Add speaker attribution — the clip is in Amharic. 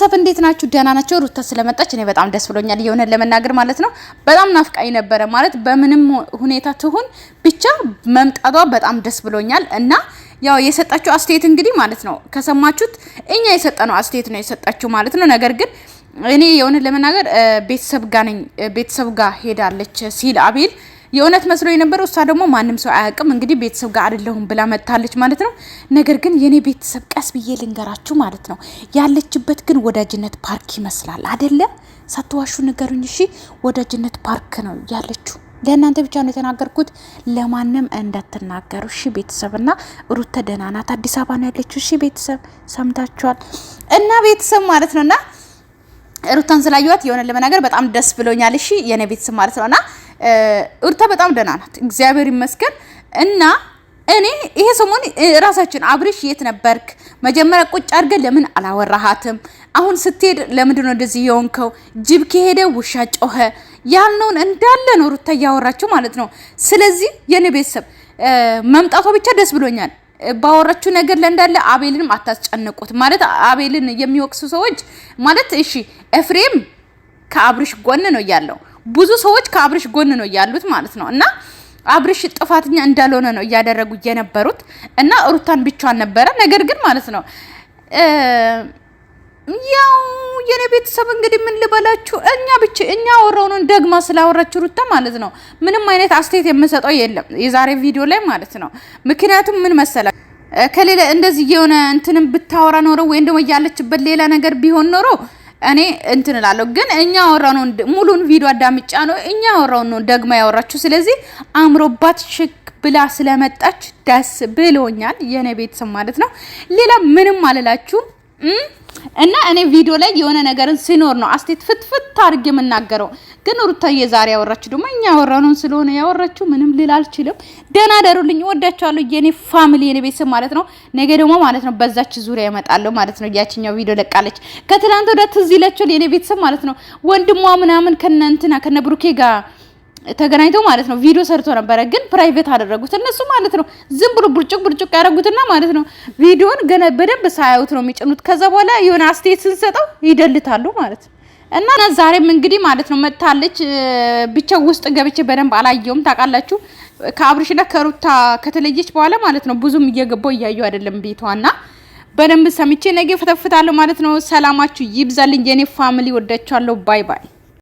Speaker 1: ቤተሰብ እንዴት ናችሁ? ደህና ናቸው። ሩታ ስለመጣች እኔ በጣም ደስ ብሎኛል። የሆነ ለመናገር ማለት ነው በጣም ናፍቃኝ ነበረ። ማለት በምንም ሁኔታ ትሁን ብቻ መምጣቷ በጣም ደስ ብሎኛል እና ያው የሰጣችሁ አስተያየት እንግዲህ ማለት ነው ከሰማችሁት እኛ የሰጠነው አስተያየት ነው የሰጣችሁ ማለት ነው። ነገር ግን እኔ የሆነ ለመናገር ቤተሰብ ጋር ነኝ ቤተሰብ ጋር ሄዳለች ሲል አቤል የእውነት መስሎ የነበረው እሷ ደግሞ ማንም ሰው አያውቅም እንግዲህ ቤተሰብ ጋር አይደለሁም ብላ መጥታለች ማለት ነው። ነገር ግን የኔ ቤተሰብ ቀስ ብዬ ልንገራችሁ ማለት ነው ያለችበት ግን ወዳጅነት ፓርክ ይመስላል አይደለም ሳትዋሹ ንገሩኝ እሺ። ወዳጅነት ፓርክ ነው ያለችው። ለእናንተ ብቻ ነው የተናገርኩት፣ ለማንም እንዳትናገሩ እሺ። ቤተሰብ እና ሩተ ደህና ናት፣ አዲስ አበባ ነው ያለችው። እሺ ቤተሰብ ሰምታችኋል። እና ቤተሰብ ማለት ነው እና ሩታን ስላየዋት የሆነ ለመናገር በጣም ደስ ብሎኛል። እሺ የኔ ቤተሰብ ማለት ነው እና ሩታ በጣም ደህና ናት፣ እግዚአብሔር ይመስገን። እና እኔ ይሄ ሰሞን ራሳችን አብርሽ የት ነበርክ? መጀመሪያ ቁጭ አድርገን ለምን አላወራሃትም? አሁን ስትሄድ ለምንድን ነው እንደዚህ የሆንከው? ጅብ ከሄደ ውሻ ጮኸ ያልነውን እንዳለ ነው ሩታ እያወራችው ማለት ነው። ስለዚህ የኔ ቤተሰብ መምጣቷ ብቻ ደስ ብሎኛል። ባወራችሁ ነገር ላይ አቤልንም አታስጨንቁት ማለት አቤልን የሚወቅሱ ሰዎች ማለት እሺ ኤፍሬም ከአብርሽ ጎን ነው ያለው ብዙ ሰዎች ከአብርሽ ጎን ነው ያሉት ማለት ነው እና አብርሽ ጥፋተኛ እንዳልሆነ ነው እያደረጉ የነበሩት እና ሩታን ብቻዋን ነበረ። ነገር ግን ማለት ነው ያው የኔ ቤተሰብ እንግዲህ ምን ልበላችሁ፣ እኛ ብቻ እኛ አወራውን ደግማ ስላወራችሁ ሩታ ማለት ነው ምንም አይነት አስተያየት የምሰጠው የለም የዛሬ ቪዲዮ ላይ ማለት ነው። ምክንያቱም ምን መሰላ ከሌላ እንደዚህ የሆነ እንትንም ብታወራ ኖሮ ወይም ደግሞ እያለችበት ሌላ ነገር ቢሆን ኖሮ እኔ እንትን እላለሁ ግን እኛ ያወራው ነው ሙሉን ቪዲዮ አዳምጫ ነው እኛ ያወራው ነው ደግማ ያወራችሁ። ስለዚህ አምሮባት ሽክ ብላ ስለመጣች ደስ ብሎኛል፣ የኔ ቤተሰብ ማለት ነው። ሌላ ምንም አልላችሁም። እና እኔ ቪዲዮ ላይ የሆነ ነገርን ሲኖር ነው አስቴት ፍትፍት አድርጌ የምናገረው። ግን ሩታዬ ዛሬ ያወራችሁ ደግሞ እኛ ያወራነውን ስለሆነ ያወራችሁ ምንም ልል አልችልም። ደህና ደሩልኝ፣ ወዳችኋለሁ። የኔ ፋሚሊ የኔ ቤተሰብ ማለት ነው። ነገ ደግሞ ማለት ነው በዛች ዙሪያ ይመጣለሁ ማለት ነው። ያችኛው ቪዲዮ ለቃለች ከትላንት ወደ ትዝ ይላችኋል የኔ ቤተሰብ ማለት ነው። ወንድሟ ምናምን ከነ እንትና ከነ ብሩኬ ጋር ተገናኝተው ማለት ነው ቪዲዮ ሰርቶ ነበረ፣ ግን ፕራይቬት አደረጉት እነሱ ማለት ነው። ዝም ብሎ ብርጭቅ ብርጭቅ ያደረጉትና ማለት ነው ቪዲዮን ገና በደንብ ሳያዩት ነው የሚጭኑት። ከዛ በኋላ የሆነ አስተያየት ስንሰጠው ይደልታሉ ማለት ነው። እና ዛሬም እንግዲህ ማለት ነው መጥታለች። ብቻ ውስጥ ገብቼ በደንብ አላየውም። ታውቃላችሁ ከአብርሽና ከሩታ ከተለየች በኋላ ማለት ነው ብዙም እየገባው እያየው አይደለም ቤቷና በደንብ ሰምቼ ነገ ፈተፍታለሁ ማለት ነው። ሰላማችሁ ይብዛልኝ የኔ ፋሚሊ፣ ወዳችኋለሁ። ባይ ባይ